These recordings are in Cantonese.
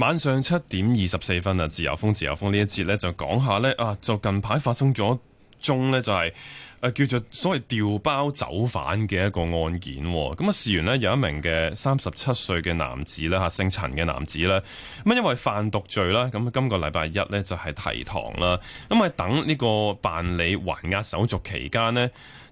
晚上七點二十四分啊！自由風，自由風呢一節咧就講下咧啊！就近排發生咗宗咧就係、是、誒、啊、叫做所謂掉包走犯嘅一個案件咁啊，事、哦、緣呢，有一名嘅三十七歲嘅男子咧嚇、啊、姓陳嘅男子咧，咁因為販毒罪啦，咁今個禮拜一咧就係、是、提堂啦。咁啊等呢個辦理還押手續期間呢，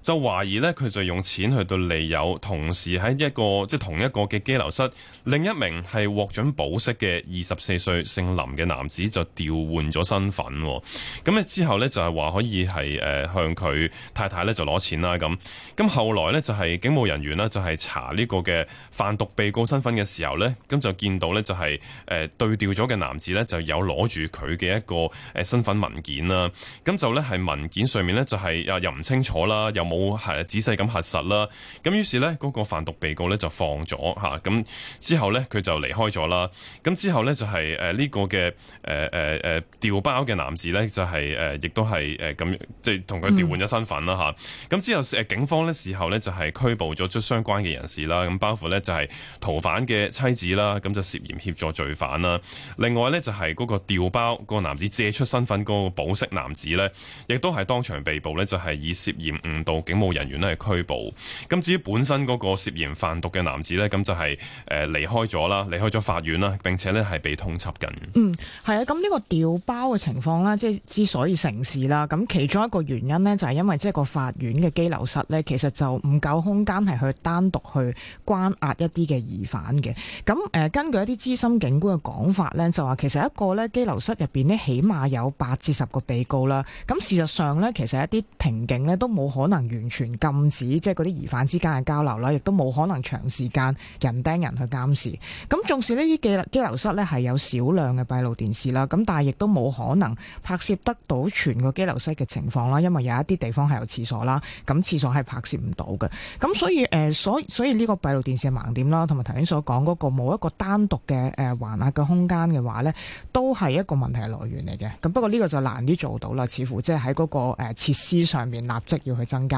就懷疑咧，佢就用錢去到利誘，同時喺一個即係同一個嘅羈留室，另一名係獲准保釋嘅二十四歲姓林嘅男子就調換咗身份。咁咧之後咧就係話可以係誒向佢太太咧就攞錢啦咁。咁後來咧就係警務人員咧就係查呢個嘅販毒被告身份嘅時候咧，咁就見到咧就係誒對調咗嘅男子咧就有攞住佢嘅一個誒身份文件啦。咁就咧係文件上面咧就係啊又唔清楚啦，又沒有冇，冇係仔細咁核實啦，咁於是呢，嗰個販毒被告呢，呃呃就是呃，就放咗吓，咁之後呢，佢就離開咗啦，咁之後呢，就係誒呢個嘅誒誒誒調包嘅男子呢，就係誒亦都係誒咁即係同佢調換咗身份啦吓，咁之後警方呢，事後呢，就係拘捕咗出相關嘅人士啦，咁包括呢，就係逃犯嘅妻子啦，咁就涉嫌協助罪犯啦，另外呢，就係嗰個調包個男子借出身份嗰個保釋男子呢，亦都係當場被捕呢，就係、是、以涉嫌誤導。警務人員咧係拘捕，咁至於本身嗰個涉嫌販毒嘅男子咧，咁就係誒離開咗啦，離開咗法院啦，並且咧係被通緝緊。嗯，係啊，咁呢個掉包嘅情況啦，即係之所以成事啦，咁其中一個原因呢，就係因為即係個法院嘅羈留室呢，其實就唔夠空間係去單獨去關押一啲嘅疑犯嘅。咁誒，根據一啲資深警官嘅講法呢，就話其實一個咧羈留室入邊呢，起碼有八至十個被告啦。咁事實上呢，其實一啲庭警呢都冇可能。完全禁止即係嗰啲疑犯之間嘅交流啦，亦都冇可能長時間人盯人去監視，咁縱使呢啲羈羈留室咧係有少量嘅閉路電視啦，咁但係亦都冇可能拍攝得到全個羈留室嘅情況啦，因為有一啲地方係有廁所啦，咁廁所係拍攝唔到嘅。咁所以誒所所以呢個閉路電視嘅盲點啦，同埋頭先所講嗰個冇一個單獨嘅誒還押嘅空間嘅話咧，都係一個問題嘅來源嚟嘅。咁不過呢個就難啲做到啦，似乎即係喺嗰個誒設施上面立即要去增加。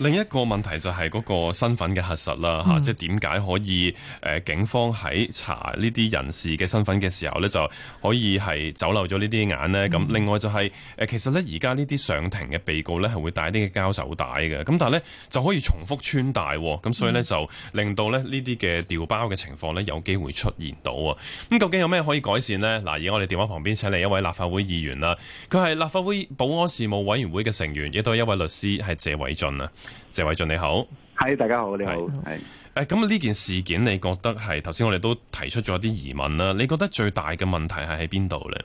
另一個問題就係嗰個身份嘅核實啦，嚇、嗯啊，即係點解可以、呃、警方喺查呢啲人士嘅身份嘅時候呢，就可以係走漏咗呢啲眼呢？咁、嗯、另外就係、是呃、其實呢而家呢啲上庭嘅被告呢，係會戴啲膠手帶嘅，咁但係呢，就可以重複穿戴咁、哦、所以呢，就令到呢啲嘅掉包嘅情況呢，有機會出現到啊、哦！咁、嗯、究竟有咩可以改善呢？嗱，而家我哋電話旁邊請嚟一位立法會議員啦，佢係立法會保安事務委員會嘅成員，亦都係一位律師，係謝偉俊啊。謝偉俊你好。係，大家好你好。係誒是，咁呢好、啊、件事件你覺得係，頭先我哋都提出咗啲疑問啦，你覺得最大嘅問題係喺邊度咧？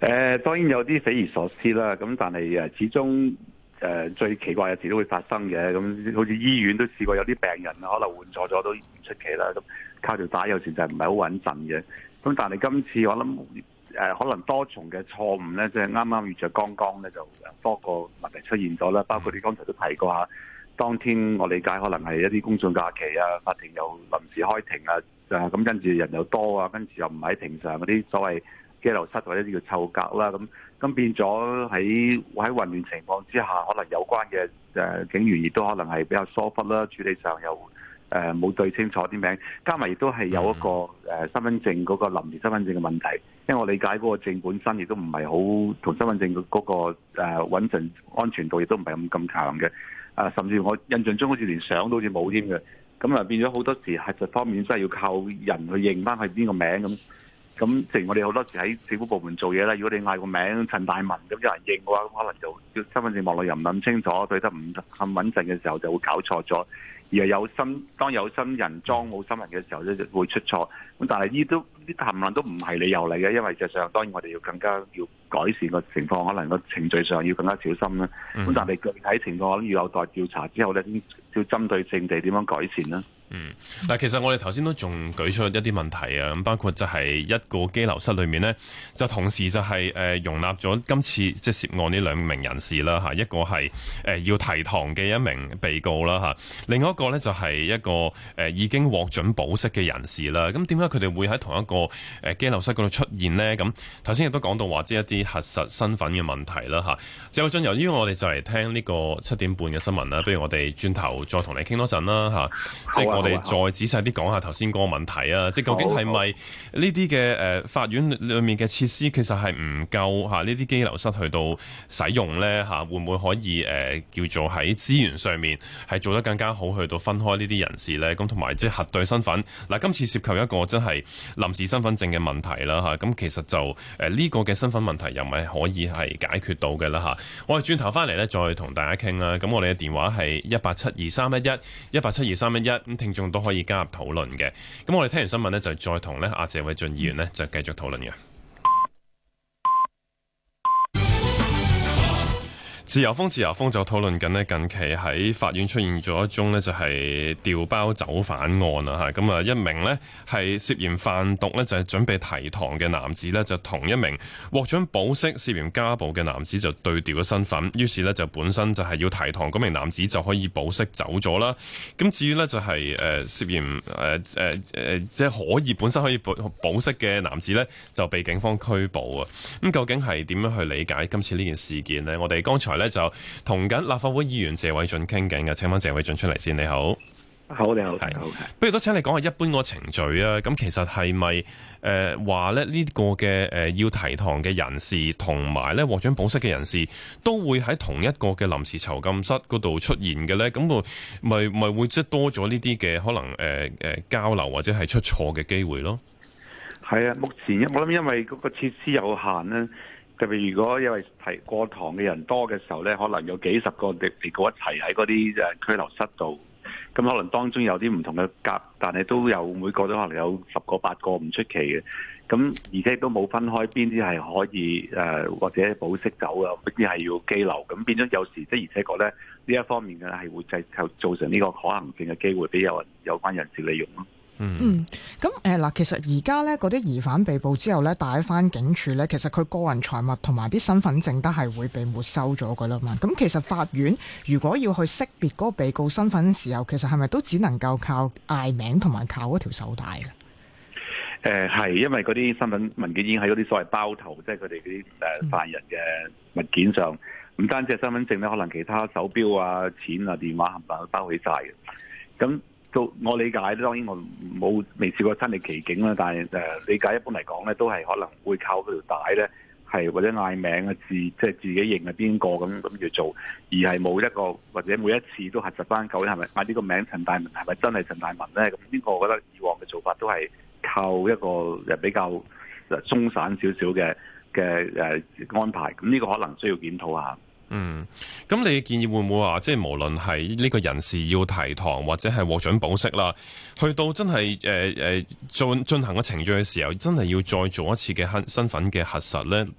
誒、呃，當然有啲匪夷所思啦，咁但係誒，始終誒最奇怪嘅事都會發生嘅，咁好似醫院都試過有啲病人啊，可能換錯咗都唔出奇啦，咁靠條帶有時就係唔係好穩陣嘅，咁但係今次我諗。誒可能多重嘅錯誤咧，即係啱啱遇著剛剛咧，就多個問題出現咗啦。包括你剛才都提過下，當天我理解可能係一啲公眾假期啊，法庭又臨時開庭啊，就係咁，跟住人又多啊，跟住又唔喺庭上嗰啲所謂羈留室或者叫臭格啦，咁咁變咗喺喺混亂情況之下，可能有關嘅警員亦都可能係比較疏忽啦，處理上又。誒冇、呃、對清楚啲名，加埋亦都係有一個誒身份證嗰個臨時身份證嘅問題，因為我理解嗰個證本身亦都唔係好同身份證嗰個誒穩陣安全度亦都唔係咁咁強嘅、呃。甚至我印象中好似連相都好似冇添嘅，咁啊變咗好多時核實方面真係要靠人去認翻去邊個名咁。咁正如我哋好多時喺政府部門做嘢啦，如果你嗌個名陳大文咁有人認嘅話，可能就身份證望落又唔諗清楚，對得唔得咁穩陣嘅時候就會搞錯咗。而係有心，當有心人裝冇心人嘅時候咧，就會出錯咁。但係呢都。啲談論都唔係理由嚟嘅，因為就上當然我哋要更加要改善個情況，可能個程序上要更加小心啦。咁、嗯、但係具體情況我諗要有待調查之後咧，要針對性地點樣改善啦。嗯，嗱，其實我哋頭先都仲舉出一啲問題啊，咁包括就係一個羈留室裏面咧，就同時就係誒容納咗今次即係、就是、涉案呢兩名人士啦吓，一個係誒要提堂嘅一名被告啦吓，另外一個咧就係一個誒已經獲准保釋嘅人士啦。咁點解佢哋會喺同一個。個誒，羈留室嗰度出現咧，咁頭先亦都講到話，即係一啲核實身份嘅問題啦，吓、啊。謝偉俊由於我哋就嚟聽呢個七點半嘅新聞啦，不如我哋轉頭再同你傾多陣啦，吓、啊。啊、即係我哋再仔細啲講下頭先個問題啊，啊即係究竟係咪呢啲嘅誒，法院裏面嘅設施其實係唔夠吓，呢啲羈留室去到使用咧吓、啊，會唔會可以誒、啊、叫做喺資源上面係做得更加好，去到分開這些呢啲人士咧？咁同埋即係核對身份。嗱、啊，今次涉及一個真係臨時身份證嘅問題啦嚇，咁其實就誒呢、呃這個嘅身份問題又咪可以係解決到嘅啦嚇。我哋轉頭返嚟咧，再同大家傾啦。咁我哋嘅電話係一八七二三一一一八七二三一一，咁聽眾都可以加入討論嘅。咁我哋聽完新聞咧，就再同咧阿謝偉俊議員呢，就繼續討論嘅。自由風自由風就討論緊咧。近期喺法院出現咗一宗咧，就係掉包走犯案啊吓，咁啊，一名咧係涉嫌販毒咧，就係準備提堂嘅男子咧，就同一名獲准保釋涉嫌家暴嘅男子就對調咗身份，於是咧就本身就係要提堂嗰名男子就可以保釋走咗啦。咁至於咧就係誒涉嫌誒誒誒即係可以本身可以保保釋嘅男子咧，就被警方拘捕啊。咁究竟係點樣去理解今次呢件事件咧？我哋剛才。咧就同緊立法會議員謝偉俊傾緊噶，請翻謝偉俊出嚟先。你好，好你好，係，好，不如都請你講下一般個程序啊。咁其實係咪誒話咧呢個嘅誒、呃、要提堂嘅人士同埋咧獲獎保釋嘅人士都會喺同一個嘅臨時囚禁室嗰度出現嘅咧？咁咪咪會即係多咗呢啲嘅可能誒誒、呃、交流或者係出錯嘅機會咯？係啊，目前我諗因為嗰個設施有限咧。特別如果因為提過堂嘅人多嘅時候呢可能有幾十個被被告一齊喺嗰啲誒拘留室度，咁可能當中有啲唔同嘅格，但係都有每個都可能有十個八個唔出奇嘅。咁而且都冇分開邊啲係可以誒、呃、或者保釋走啊，邊啲係要拘留，咁變咗有時即而且覺得呢一方面嘅係會製造成呢個可能性嘅機會俾有人有關人士利用咯。嗯，咁誒嗱，其實而家咧嗰啲疑犯被捕之後咧，帶翻警署咧，其實佢個人財物同埋啲身份證都係會被沒收咗噶啦嘛。咁其實法院如果要去識別嗰個被告身份時候，其實係咪都只能夠靠嗌名同埋靠嗰條手帶啊？誒、呃，係，因為嗰啲身份文件已經喺嗰啲所謂包頭，即係佢哋嗰啲誒犯人嘅物件上，唔、嗯、單止係身份證咧，可能其他手錶啊、錢啊、電話冚唪唥都包起晒嘅，咁。都我理解，當然我冇未試過親歷其境，啦。但係誒理解一般嚟講咧，都係可能會靠嗰條帶咧，係或者嗌名嘅字，即係自己認係邊個咁咁叫做，而係冇一個或者每一次都核實翻究竟係咪嗌呢個名陳大文係咪真係陳大文咧？咁呢個我覺得以往嘅做法都係靠一個比較鬆散少少嘅嘅誒安排，咁呢個可能需要檢討下。嗯，咁你嘅建議會唔會話，即係無論係呢個人士要提堂或者係獲准保釋啦，去到真係誒誒進進行個程序嘅時候，真係要再做一次嘅身份嘅核實咧？誒、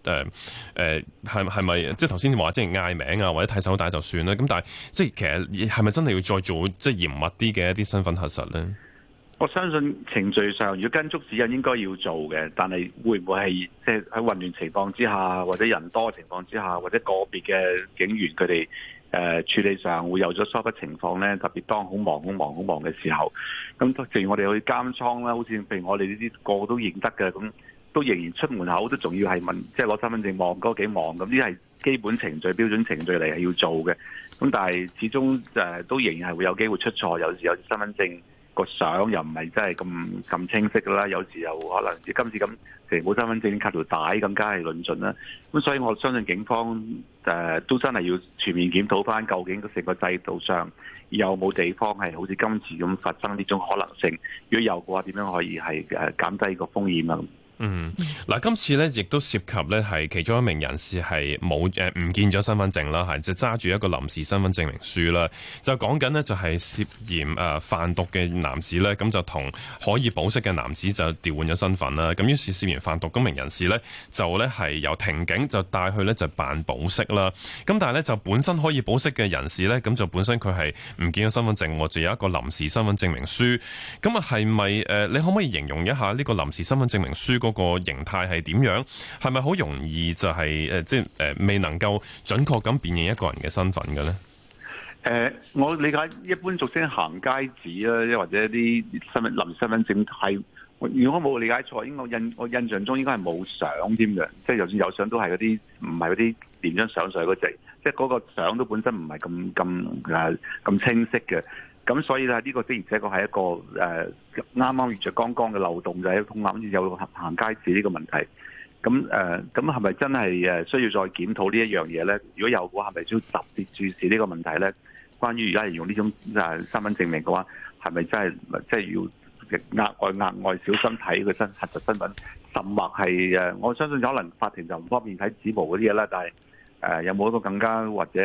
呃、誒，係係咪即係頭先話即係嗌名啊，或者睇手帶就算啦？咁但係即係其實係咪真係要再做即係嚴密啲嘅一啲身份核實咧？我相信程序上，如果跟足指引，應該要做嘅。但係會唔會係即係喺混亂情況之下，或者人多嘅情況之下，或者個別嘅警員佢哋，誒，處理上會有咗疏忽情況咧？特別當好忙好忙好忙嘅時候，咁正如我哋去監倉啦，好似譬如我哋呢啲個個都認得嘅，咁都仍然出門口都仲要係問即係攞身份證望多幾望咁，呢係基本程序，標準程序嚟係要做嘅。咁但係始終誒都仍然係會有機會出錯，有時有身份證，個相又唔係真係咁咁清晰啦，有時又可能似今次咁，成部身份證卡條帶更加係論盡啦。咁所以我相信警方誒、呃、都真係要全面檢討翻，究竟個成個制度上有冇地方係好似今次咁發生呢種可能性？如果有嘅話，點樣可以係誒減低個風險啊？嗯，嗱，今次咧亦都涉及咧，係其中一名人士係冇誒唔見咗身份證啦，係就揸住一個臨時身份證明書啦。就講緊咧，就係涉嫌誒販毒嘅男士咧，咁就同可以保釋嘅男子就調換咗身份啦。咁於是涉嫌販毒 𠮶 名人士咧，就咧，係由庭警就帶去咧，就辦保釋啦。咁但係咧，就本身可以保釋嘅人士咧，咁就本身佢係唔見咗身份證，就有一個臨時身份證明書。咁啊，係咪誒你可唔可以形容一下呢個臨時身份證明書？嗰個形態係點樣？係咪好容易就係、是、誒，即係誒，未能夠準確咁辨認一個人嘅身份嘅咧？誒、呃，我理解一般俗稱行街紙啦，或者啲身份臨身份證係，如果我冇理解錯，應我印我印象中應該係冇相添嘅，即係就算有相都係嗰啲唔係嗰啲連張相上去嗰隻，即係嗰個相都本身唔係咁咁誒咁清晰嘅。咁所以咧，呢個的而且確係一個誒啱啱越着剛剛嘅漏洞就係通案，好似有行街紙呢個問題。咁誒，咁係咪真係需要再檢討呢一樣嘢咧？如果有嘅話，係咪需要特別注視呢個問題咧？關於而家係用呢種誒身份證明嘅話，係咪真係即係要額外額外小心睇佢核實身份，甚或係誒？我相信有可能法庭就唔方便睇指模嗰啲嘢啦，但係。誒有冇一個更加或者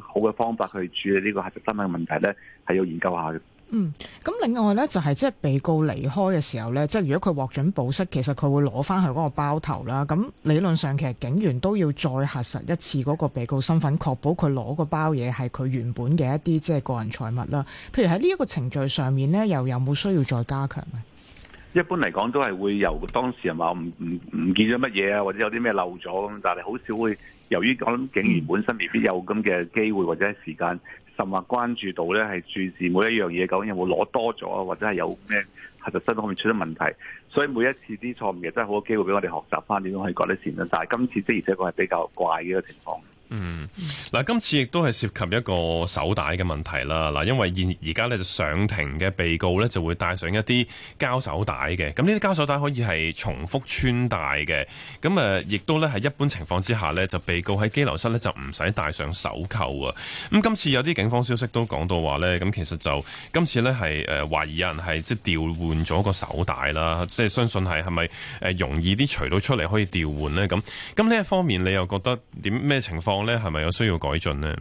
好嘅方法去處理呢個核實身份嘅問題呢？係要研究下嘅。嗯，咁另外呢，就係即係被告離開嘅時候呢，即係如果佢獲准保釋，其實佢會攞翻去嗰個包頭啦。咁理論上其實警員都要再核實一次嗰個被告身份，確保佢攞個包嘢係佢原本嘅一啲即係個人財物啦。譬如喺呢一個程序上面呢，又有冇需要再加強呢？一般嚟講都係會由當事人話唔唔唔見咗乜嘢啊，或者有啲咩漏咗咁，但係好少會由於我諗警員本身未必有咁嘅機會或者時間，甚或關注到咧係注視每一樣嘢究竟有冇攞多咗，或者係有咩核實質方面出咗問題，所以每一次啲錯誤嘅真係好多機會俾我哋學習翻點樣去改啲線啦。但係今次的而且確係比較怪嘅一個情況。嗯，嗱、嗯，今次亦都係涉及一個手帶嘅問題啦。嗱，因為現而家咧就上庭嘅被告咧就會帶上一啲膠手帶嘅。咁呢啲膠手帶可以係重複穿戴嘅。咁啊亦都咧係一般情況之下咧，就被告喺羈留室咧就唔使帶上手扣啊。咁今次有啲警方消息都講到話咧，咁其實就今次咧係誒懷疑有人係即係調換咗個手帶啦。即係相信係係咪誒容易啲除到出嚟可以調換咧？咁咁呢一方面，你又覺得點咩情況？講係咪有需要改進呢？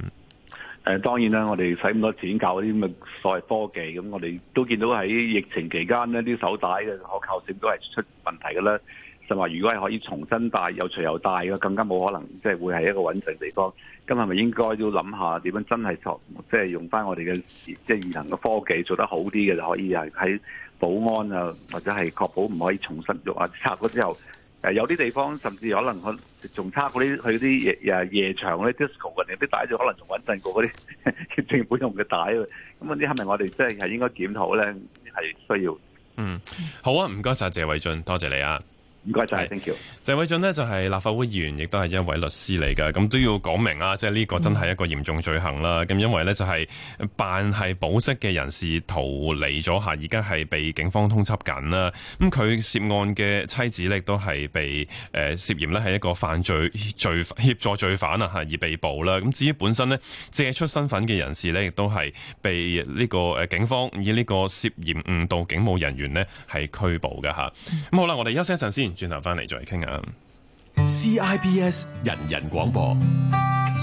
誒，當然啦，我哋使咁多錢搞啲咁嘅所謂科技，咁我哋都見到喺疫情期間呢啲手帶嘅可靠性都係出問題嘅啦。就話、是、如果係可以重新戴，又除又戴嘅，更加冇可能，即係會係一個穩定地方。咁係咪應該要諗下點樣真係創，即、就、係、是、用翻我哋嘅即係智能嘅科技做得好啲嘅就可以啊？喺保安啊，或者係確保唔可以重新用啊？拆咗之後。有啲地方甚至可能仲差過啲去啲夜誒夜場咧，disco 嗰啲帶就可能仲穩陣過嗰啲政府用嘅帶喎。咁嗰啲係咪我哋即係係應該檢討咧？係需要。嗯，好啊，唔該晒謝偉俊，多謝,謝你啊。唔該晒，Thank you。謝偉俊呢就係、是、立法會議員，亦都係一位律師嚟㗎，咁都要講明啊，即係呢個真係一個嚴重罪行啦。咁、嗯、因為呢，就係辦係保釋嘅人士逃離咗下，而家係被警方通緝緊啦。咁佢涉案嘅妻子呢，亦都係被誒、呃、涉嫌呢係一個犯罪罪協助罪犯啊嚇而被捕啦。咁至於本身呢，借出身份嘅人士呢，亦都係被呢個誒警方以呢個涉嫌誤導警務人員呢，係拘捕嘅吓，咁、嗯、好啦，我哋休息一陣先。轉頭翻嚟再傾下。CIBS 人人廣播，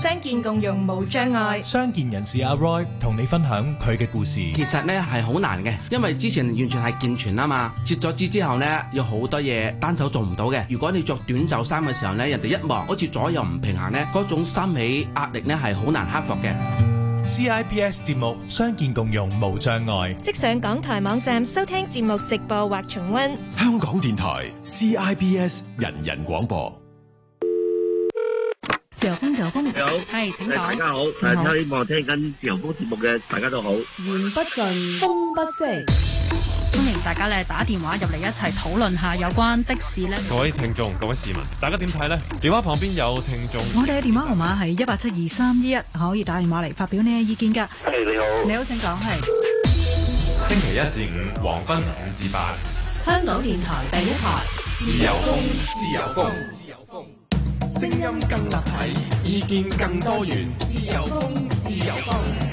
相見共用無障礙。相見人士阿、啊、Roy 同你分享佢嘅故事。其實咧係好難嘅，因為之前完全係健全啊嘛。截咗肢之後咧，有好多嘢單手做唔到嘅。如果你着短袖衫嘅時候咧，人哋一望好似左右唔平衡咧，嗰種心理壓力咧係好難克服嘅。CIPS 節目，相見共融無障礙。即上港台網站收聽節目直播或重溫。香港電台 CIBS 人人廣播。自由風，自由風。你好，係，請講。大家好，大家希望聽緊自由風節目嘅，大家都好。言不盡，風不息。大家咧打電話入嚟一齊討論下有關嘅事咧，各位聽眾、各位市民，大家點睇咧？電話旁邊有聽眾，我哋嘅電話號碼係一八七二三一一，可以打電話嚟發表你嘅意見噶。你好，你好，請講。係星期一至五黃昏五至八，香港電台第一台，自由風，自由風，自由風，聲音更立體，意見更多元，自由風，自由風。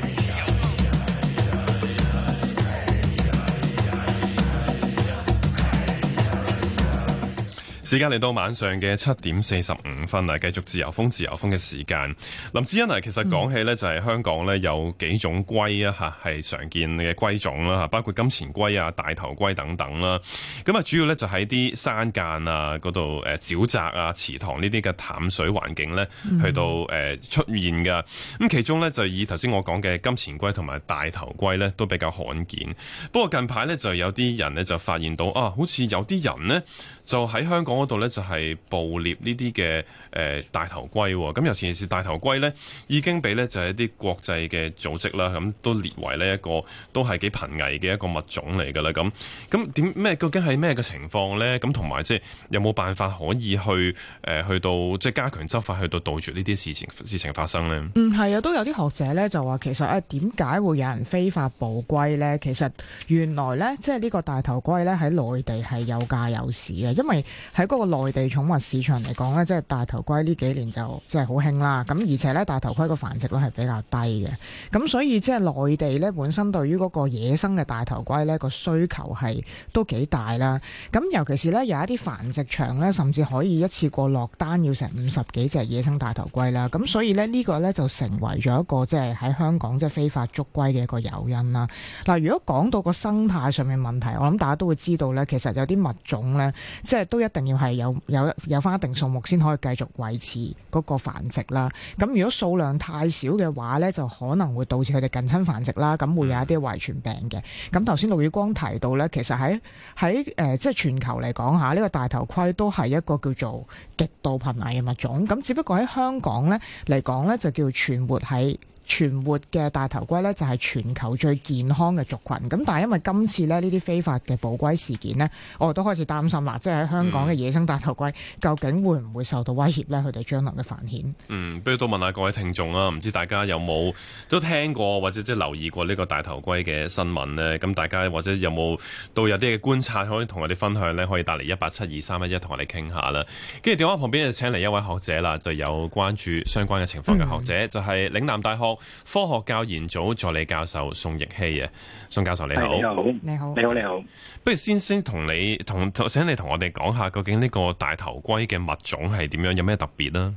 時間嚟到晚上嘅七點四十五分啦！繼續自由風自由風嘅時間。林志恩啊，其實講起咧，就係香港咧有幾種龜啊係、嗯、常見嘅龜種啦，包括金錢龜啊、大頭龜等等啦。咁啊，主要咧就喺啲山間啊嗰度誒沼澤啊、池塘呢啲嘅淡水環境咧，去到誒出現㗎。咁、嗯、其中咧就以頭先我講嘅金錢龜同埋大頭龜咧，都比較罕見。不過近排咧就有啲人咧就發現到啊，好似有啲人呢。就喺香港嗰度咧，就係捕獵呢啲嘅誒大頭龜喎。咁尤其是大頭龜咧，已經俾咧就係一啲國際嘅組織啦，咁都列為呢一個都係幾瀕危嘅一個物種嚟㗎啦。咁咁點咩？究竟係咩嘅情況咧？咁同埋即係有冇辦法可以去誒去到即係加強執法，去到杜絕呢啲事情事情發生咧？嗯，係啊，都有啲學者咧就話其實誒點解會有人非法捕龜咧？其實原來咧即係呢個大頭龜咧喺內地係有價有市嘅。因為喺嗰個內地寵物市場嚟講咧，即係大頭龜呢幾年就即係好興啦。咁而且咧，大頭龜個繁殖率係比較低嘅。咁所以即係內地咧，本身對於嗰個野生嘅大頭龜咧個需求係都幾大啦。咁尤其是咧有一啲繁殖場咧，甚至可以一次過落單要成五十幾隻野生大頭龜啦。咁所以咧呢個咧就成為咗一個即係喺香港即係非法捉龜嘅一個誘因啦。嗱，如果講到個生態上面問題，我諗大家都會知道咧，其實有啲物種咧。即係都一定要係有有有返一定數目先可以繼續維持嗰個繁殖啦。咁如果數量太少嘅話呢，就可能會導致佢哋近親繁殖啦。咁會有一啲遺傳病嘅。咁頭先陸宇光提到呢，其實喺喺、呃、即係全球嚟講下呢個大頭盔都係一個叫做極度瀕危嘅物種。咁只不過喺香港呢嚟講呢就叫存活喺。存活嘅大頭龜呢，就係全球最健康嘅族群。咁但係因為今次咧呢啲非法嘅捕龜事件呢，我都開始擔心啦。即係香港嘅野生大頭龜，究竟會唔會受到威脅呢？佢哋將來嘅繁衍。嗯，不如都問下各位聽眾啊，唔知大家有冇都聽過或者即係留意過呢個大頭龜嘅新聞呢？咁大家或者有冇都有啲嘅觀察可以同我哋分享呢？可以打嚟一八七二三一一同我哋傾下啦。跟住電話旁邊就請嚟一位學者啦，就有關注相關嘅情況嘅學者，就係嶺南大學科學教研組助理教授宋奕希嘅宋教授，你好，你好，你好，你好，你好，你好。不如先先同你同請你同我哋講下究竟呢個大頭龜嘅物種係點樣，有咩特別咧？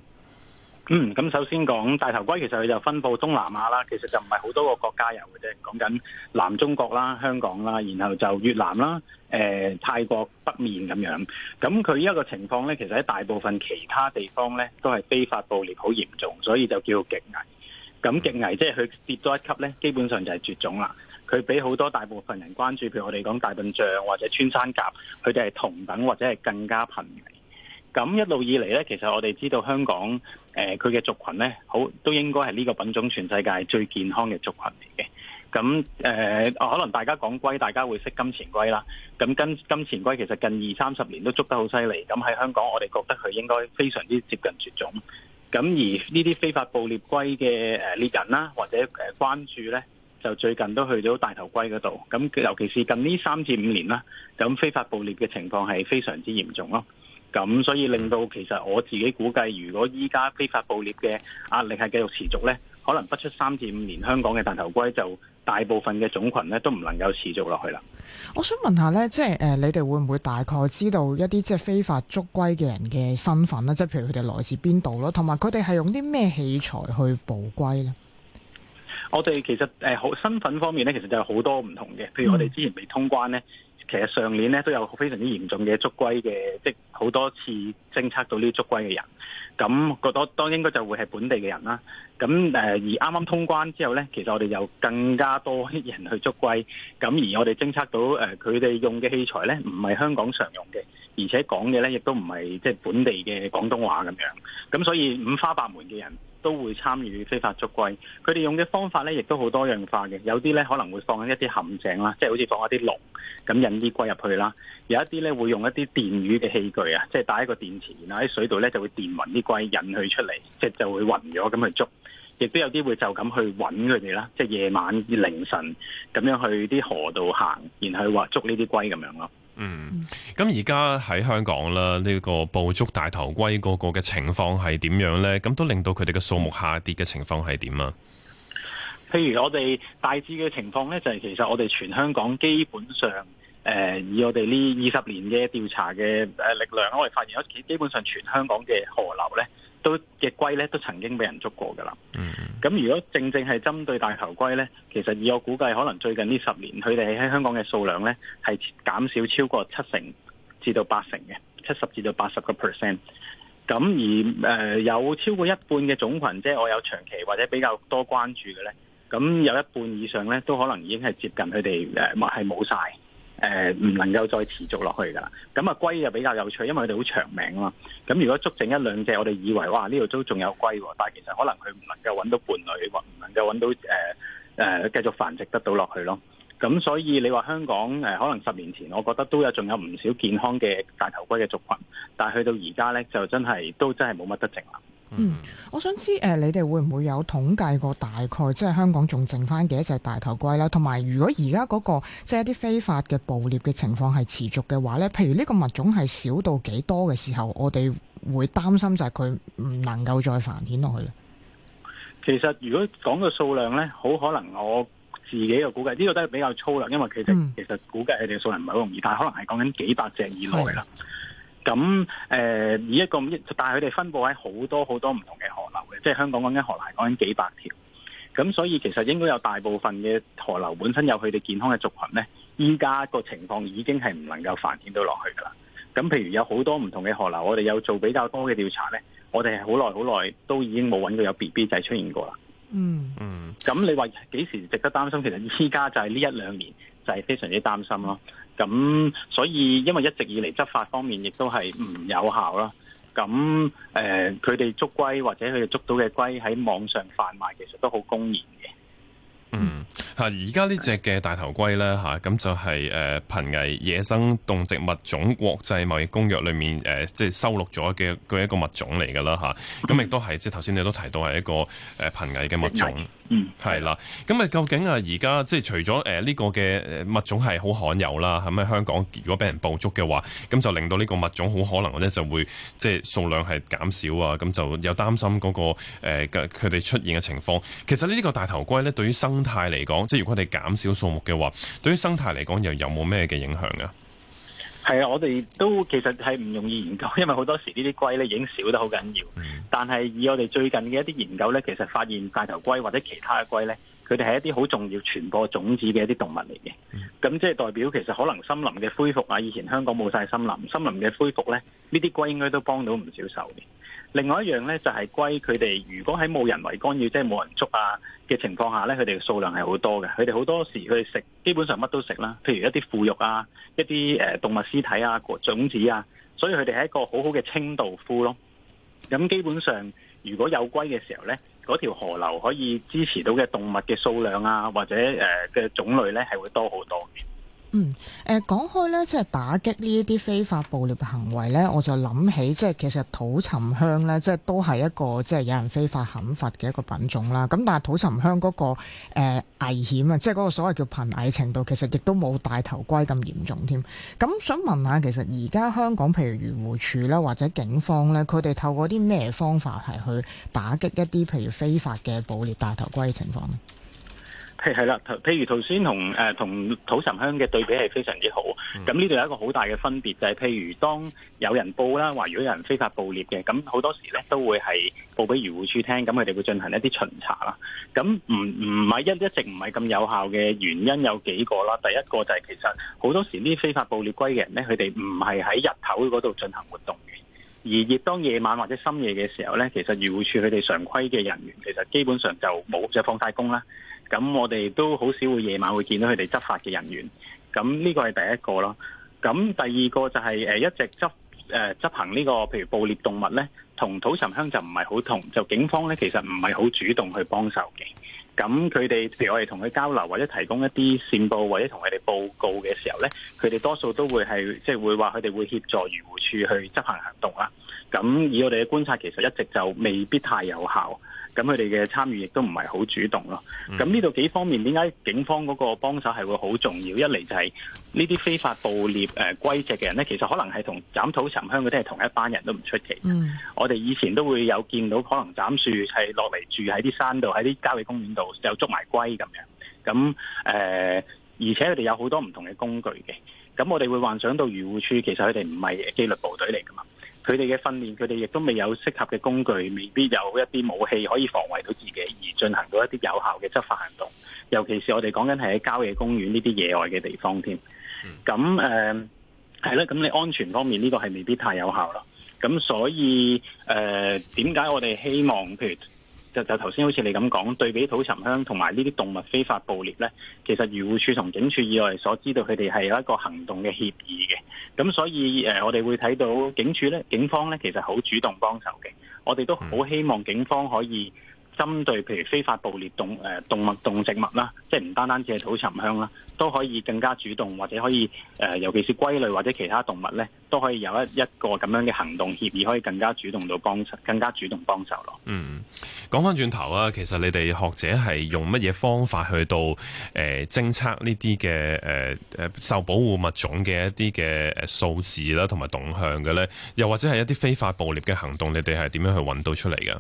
嗯，咁首先講大頭龜，其實佢就分佈東南亞啦，其實就唔係好多個國家有嘅啫。講緊南中國啦、香港啦，然後就越南啦、誒、呃、泰國北面咁樣。咁佢依一個情況呢，其實喺大部分其他地方呢，都係非法捕獵好嚴重，所以就叫極危。咁極危，即係佢跌多一級咧，基本上就係絕種啦。佢俾好多大部分人關注，譬如我哋講大笨象或者穿山甲，佢哋係同等或者係更加瀕危。咁一路以嚟咧，其實我哋知道香港誒佢嘅族群咧，好都應該係呢個品種全世界最健康嘅族群嚟嘅。咁誒、呃，可能大家講龜，大家會識金錢龜啦。咁金金錢龜其實近二三十年都捉得好犀利。咁喺香港，我哋覺得佢應該非常之接近絕種。咁而呢啲非法捕獵龜嘅誒獵人啦，或者誒關注咧，就最近都去咗大頭龜嗰度。咁尤其是近呢三至五年啦，咁非法捕獵嘅情況係非常之嚴重咯。咁所以令到其實我自己估計，如果依家非法捕獵嘅壓力係繼續持續咧，可能不出三至五年，香港嘅大頭龜就。大部分嘅種群咧都唔能夠持續落去啦。我想問下咧，即係誒，你哋會唔會大概知道一啲即係非法捉龜嘅人嘅身份咧？即係譬如佢哋來自邊度咯，同埋佢哋係用啲咩器材去捕龜咧？我哋其實誒好身份方面咧，其實就有好多唔同嘅，譬如我哋之前未通關咧。嗯其實上年咧都有非常之嚴重嘅捉龜嘅，即係好多次偵測到呢啲捉龜嘅人，咁我覺得當應該就會係本地嘅人啦。咁而啱啱通關之後咧，其實我哋有更加多人去捉龜，咁而我哋偵測到誒佢哋用嘅器材咧，唔係香港常用嘅，而且講嘅咧亦都唔係即係本地嘅廣東話咁樣，咁所以五花八門嘅人。都會參與非法捉龜，佢哋用嘅方法咧，亦都好多樣化嘅。有啲咧可能會放緊一啲陷阱啦，即係好似放一啲籠，咁引啲龜入去啦。有一啲咧會用一啲電魚嘅器具啊，即係帶一個電池，然後喺水度咧就會電暈啲龜，引佢出嚟，即係就會暈咗咁去捉。亦都有啲會就咁去揾佢哋啦，即係夜晚凌晨咁樣去啲河度行，然後話捉呢啲龜咁樣咯。嗯，咁而家喺香港啦，呢、這個捕捉大頭龜個個嘅情況係點樣呢？咁都令到佢哋嘅數目下跌嘅情況係點啊？譬如我哋大致嘅情況呢，就係其實我哋全香港基本上，誒、呃、以我哋呢二十年嘅調查嘅誒力量，我哋發現咗基本上全香港嘅河流呢，都嘅龜咧都曾經俾人捉過㗎啦。咁如果正正係針對大頭龜咧，其實以我估計可能最近呢十年佢哋喺香港嘅數量咧係減少超過七成至到八成嘅七十至到八十個 percent。咁而誒、呃、有超過一半嘅種群，即係我有長期或者比較多關注嘅咧，咁有一半以上咧都可能已經係接近佢哋誒係冇晒。呃誒唔、呃、能夠再持續落去㗎，咁啊龜就比較有趣，因為佢哋好長命啊嘛。咁如果捉剩一兩隻，我哋以為哇呢度都仲有龜，但其實可能佢唔能夠揾到伴侶，或者唔能夠揾到誒、呃呃、繼續繁殖得到落去咯。咁所以你話香港、呃、可能十年前，我覺得都有仲有唔少健康嘅大頭龜嘅族群，但係去到而家咧就真係都真係冇乜得剩啦。嗯，我想知誒、呃，你哋會唔會有統計過大概，即係香港仲剩翻幾多隻大頭龜啦？同埋，如果而家嗰個即係一啲非法嘅捕獵嘅情況係持續嘅話咧，譬如呢個物種係少到幾多嘅時候，我哋會擔心就係佢唔能夠再繁衍落去咧。其實如果講個數量咧，好可能我自己嘅估計，呢、呢個都係比較粗啦，因為其實、嗯、其實估計佢哋數量唔係好容易，但係可能係講緊幾百隻以內啦。咁誒、呃，以一個咁，但佢哋分布喺好多好多唔同嘅河流嘅，即係香港講緊河流，講緊幾百條。咁所以其實應該有大部分嘅河流本身有佢哋健康嘅族群咧。依家個情況已經係唔能夠繁衍到落去㗎啦。咁譬如有好多唔同嘅河流，我哋有做比較多嘅調查咧，我哋係好耐好耐都已經冇揾到有 BB 仔出現過啦。嗯嗯。咁你話幾時值得擔心？其實依家就係呢一兩年就係、是、非常之擔心咯。咁所以，因為一直以嚟執法方面亦都係唔有效啦。咁誒，佢、呃、哋捉龜或者佢哋捉到嘅龜喺網上販賣其實都好公然嘅。嗯，吓，而家呢隻嘅大頭龜咧，吓，咁就係誒瀕危野生動植物種國際貿易公約裏面誒、呃、即係收錄咗嘅佢一個物種嚟噶啦吓，咁亦都係即係頭先你都提到係一個誒瀕危嘅物種。嗯，係啦，咁啊，究竟啊，而家即係除咗誒呢個嘅物種係好罕有啦，係咪香港如果俾人捕捉嘅話，咁就令到呢個物種好可能咧就會即係、就是、數量係減少啊，咁就有擔心嗰、那個誒佢哋出現嘅情況。其實呢個大頭龜咧，對於生態嚟講，即係如果佢哋減少數目嘅話，對於生態嚟講又有冇咩嘅影響啊？係啊，我哋都其實係唔容易研究，因為好多時呢啲龜咧已經少得好緊要。但係以我哋最近嘅一啲研究咧，其實發現大頭龜或者其他嘅龜咧。佢哋係一啲好重要傳播種子嘅一啲動物嚟嘅，咁即係代表其實可能森林嘅恢復啊，以前香港冇晒森林，森林嘅恢復咧，呢啲龜應該都幫到唔少手嘅。另外一樣咧，就係龜佢哋如果喺冇人為干擾、即係冇人捉啊嘅情況下咧，佢哋嘅數量係好多嘅。佢哋好多時佢食基本上乜都食啦，譬如一啲腐肉啊、一啲誒動物屍體啊、種子啊，所以佢哋係一個好好嘅清道夫咯。咁基本上如果有龜嘅時候咧，嗰條河流可以支持到嘅動物嘅數量啊，或者呃、嘅、種類咧，係會多好多嘅。嗯，誒講開咧，即係打擊呢一啲非法捕獵行為咧，我就諗起即係其實土沉香咧，即係都係一個即係有人非法砍伐嘅一個品種啦。咁但係土沉香嗰個、呃、危險啊，即係嗰個所謂叫瀕危程度，其實亦都冇大頭龜咁嚴重添。咁想問下，其實而家香港譬如漁護署啦，或者警方咧，佢哋透過啲咩方法係去打擊一啲譬如非法嘅捕獵大頭龜嘅情況呢？係啦，譬譬如頭先同誒同土沉香嘅對比係非常之好，咁呢度有一個好大嘅分別就係、是，譬如當有人報啦，話如果有人非法捕獵嘅，咁好多時咧都會係報俾漁護處聽，咁佢哋會進行一啲巡查啦。咁唔唔係一一直唔係咁有效嘅原因有幾個啦。第一個就係其實好多時啲非法捕獵龜嘅人咧，佢哋唔係喺日頭嗰度進行活動，而亦當夜晚或者深夜嘅時候咧，其實漁護處佢哋常規嘅人員其實基本上就冇就放曬工啦。咁我哋都好少會夜晚會見到佢哋執法嘅人員，咁呢個係第一個咯。咁第二個就係一直執、呃、執行呢個譬如捕獵動物咧，同土沉香就唔係好同，就警方咧其實唔係好主動去幫手嘅。咁佢哋譬如我哋同佢交流或者提供一啲線報或者同佢哋報告嘅時候咧，佢哋多數都會係即係會話佢哋會協助漁護處去執行行動啦。咁以我哋嘅觀察，其實一直就未必太有效。咁佢哋嘅參與亦都唔係好主動咯。咁呢度幾方面，點解警方嗰個幫手係會好重要？一嚟就係呢啲非法捕獵誒龜隻嘅人咧，其實可能係同斬土沉香嗰啲係同一班人都唔出奇。嗯、我哋以前都會有見到可能斬樹係落嚟住喺啲山度，喺啲郊野公園度就捉埋龜咁樣。咁誒、呃，而且佢哋有好多唔同嘅工具嘅。咁我哋會幻想到漁護處其實佢哋唔係紀律部隊嚟噶嘛。佢哋嘅訓練，佢哋亦都未有適合嘅工具，未必有一啲武器可以防衛到自己，而進行到一啲有效嘅執法行動。尤其是我哋講緊係喺郊野公園呢啲野外嘅地方添。咁誒、嗯，係啦，咁、呃、你安全方面呢、呢個係未必太有效啦。咁所以誒，點、呃、解我哋希望譬如？就就頭先好似你咁講，對比土沉香同埋呢啲動物非法捕獵咧，其實漁護署同警署以外所知道佢哋係有一個行動嘅協議嘅，咁所以、呃、我哋會睇到警署咧，警方咧其實好主動幫手嘅，我哋都好希望警方可以，針對譬如非法捕獵動誒動物、動植物啦，即係唔單單只係土沉香啦，都可以更加主動，或者可以誒、呃，尤其是龜類或者其他動物咧，都可以有一一個咁樣嘅行動協議，以可以更加主動到幫更加主動幫手咯。嗯，講返轉頭啊，其實你哋學者係用乜嘢方法去到誒偵測呢啲嘅誒誒受保護物種嘅一啲嘅數字啦，同埋動向嘅咧，又或者係一啲非法捕獵嘅行動，你哋係點樣去揾到出嚟嘅？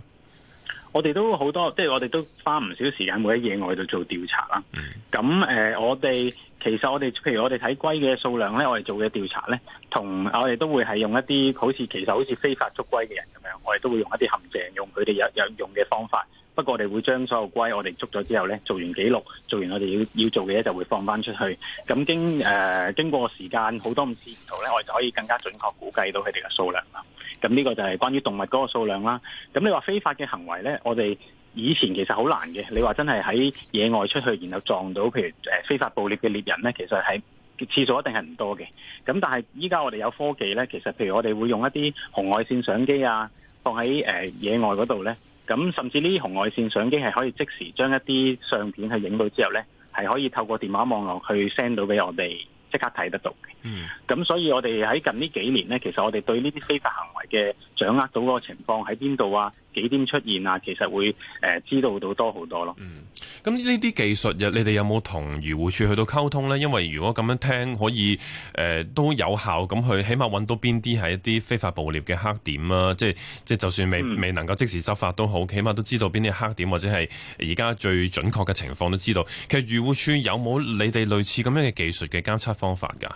我哋都好多，即係我哋都花唔少時間，會喺野外度做調查啦。咁誒，我、呃、哋其實我哋譬如我哋睇龜嘅數量咧，我哋做嘅調查咧，同我哋都會係用一啲好似其實好似非法捉龜嘅人咁樣，我哋都會用一啲陷阱，用佢哋有有，有用嘅方法。不過我哋會將所有龜我哋捉咗之後咧，做完記錄，做完我哋要要做嘅嘢，就會放翻出去。咁經誒、呃、經過時間好多唔知同，咧我哋就可以更加準確估計到佢哋嘅數量啦。咁呢個就係關於動物嗰個數量啦。咁你話非法嘅行為呢，我哋以前其實好難嘅。你話真係喺野外出去，然後撞到譬如非法捕獵嘅獵人呢，其實係次數一定係唔多嘅。咁但係依家我哋有科技呢，其實譬如我哋會用一啲紅外線相機啊，放喺、呃、野外嗰度呢。咁甚至呢啲紅外線相機係可以即時將一啲相片去影到之後呢，係可以透過電話網絡去 send 到俾我哋。即刻睇得到嘅，嗯，咁所以我哋喺近呢幾年咧，其實我哋對呢啲非法行為嘅掌握到嗰個情況喺邊度啊？幾點出現啊？其實會誒、呃、知道到多好多咯。嗯，咁呢啲技術，又你哋有冇同漁護署去到溝通呢？因為如果咁樣聽，可以誒、呃、都有效去，咁佢起碼揾到邊啲係一啲非法捕獵嘅黑點啊。即係即係，就算未未能夠即時執法都好，嗯、起碼都知道邊啲黑點，或者係而家最準確嘅情況都知道。其實漁護署有冇你哋類似咁樣嘅技術嘅監測方法㗎？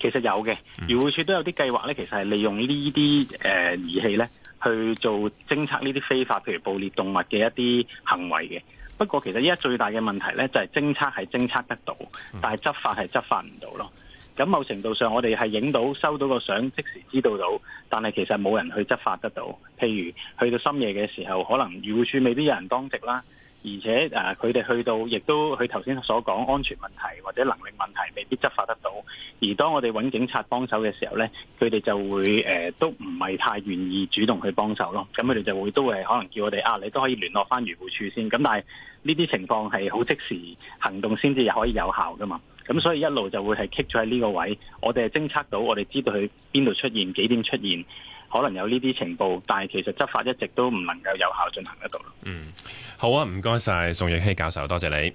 其實有嘅，漁護署都有啲計劃呢，其實係利用呢啲誒儀器呢。去做偵測呢啲非法譬如捕獵動物嘅一啲行為嘅，不過其實依家最大嘅問題呢，就係、是、偵測係偵測得到，但係執法係執法唔到咯。咁某程度上我哋係影到、收到個相即時知道到，但係其實冇人去執法得到。譬如去到深夜嘅時候，可能漁護署未必有人當值啦。而且誒，佢、啊、哋去到，亦都佢頭先所講安全問題或者能力問題未必執法得到。而當我哋揾警察幫手嘅時候咧，佢哋就會誒、呃、都唔係太願意主動去幫手咯。咁佢哋就會都會可能叫我哋啊，你都可以聯絡翻漁護處先。咁但係呢啲情況係好即時行動先至可以有效噶嘛。咁所以一路就會，係 keep 住喺呢個位。我哋係偵測到，我哋知道佢邊度出現幾點出現。可能有呢啲情報，但係其實執法一直都唔能夠有效進行得到。嗯，好啊，唔該晒宋玉熙教授，多謝你。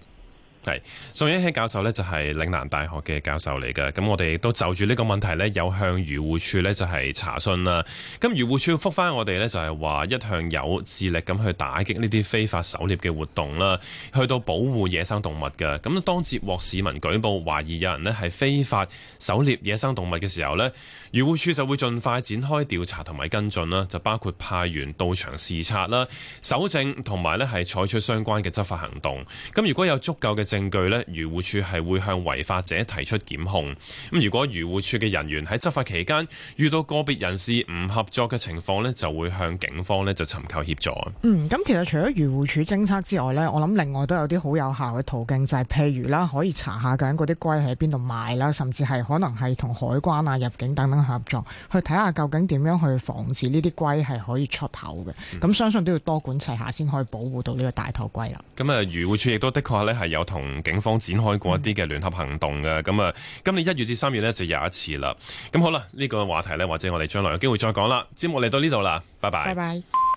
係，宋英熙教授咧，就係嶺南大學嘅教授嚟嘅。咁我哋亦都就住呢個問題呢有向漁護處呢就係查詢啦。咁漁護處覆翻我哋呢就係話，一向有致力咁去打擊呢啲非法狩獵嘅活動啦，去到保護野生動物嘅。咁當接獲市民舉報懷疑有人呢係非法狩獵野生動物嘅時候呢，漁護處就會盡快展開調查同埋跟進啦，就包括派員到場視察啦、搜證同埋咧係採取相關嘅執法行動。咁如果有足夠嘅證據呢，漁護署係會向違法者提出檢控。咁如果漁護署嘅人員喺執法期間遇到個別人士唔合作嘅情況呢就會向警方呢就尋求協助。嗯，咁其實除咗漁護署偵測之外呢我諗另外都有啲好有效嘅途徑，就係、是、譬如啦，可以查下究竟嗰啲龜喺邊度賣啦，甚至係可能係同海關啊、入境等等合作，去睇下究竟點樣去防止呢啲龜係可以出口嘅。咁、嗯、相信都要多管齊下先可以保護到呢個大頭龜啦。咁啊、嗯，漁護署亦都的確咧係有同同警方展開過一啲嘅聯合行動嘅，咁啊，今年一月至三月呢就有一次啦。咁好啦，呢、這個話題呢，或者我哋將來有機會再講啦。節目嚟到呢度啦，拜拜。Bye bye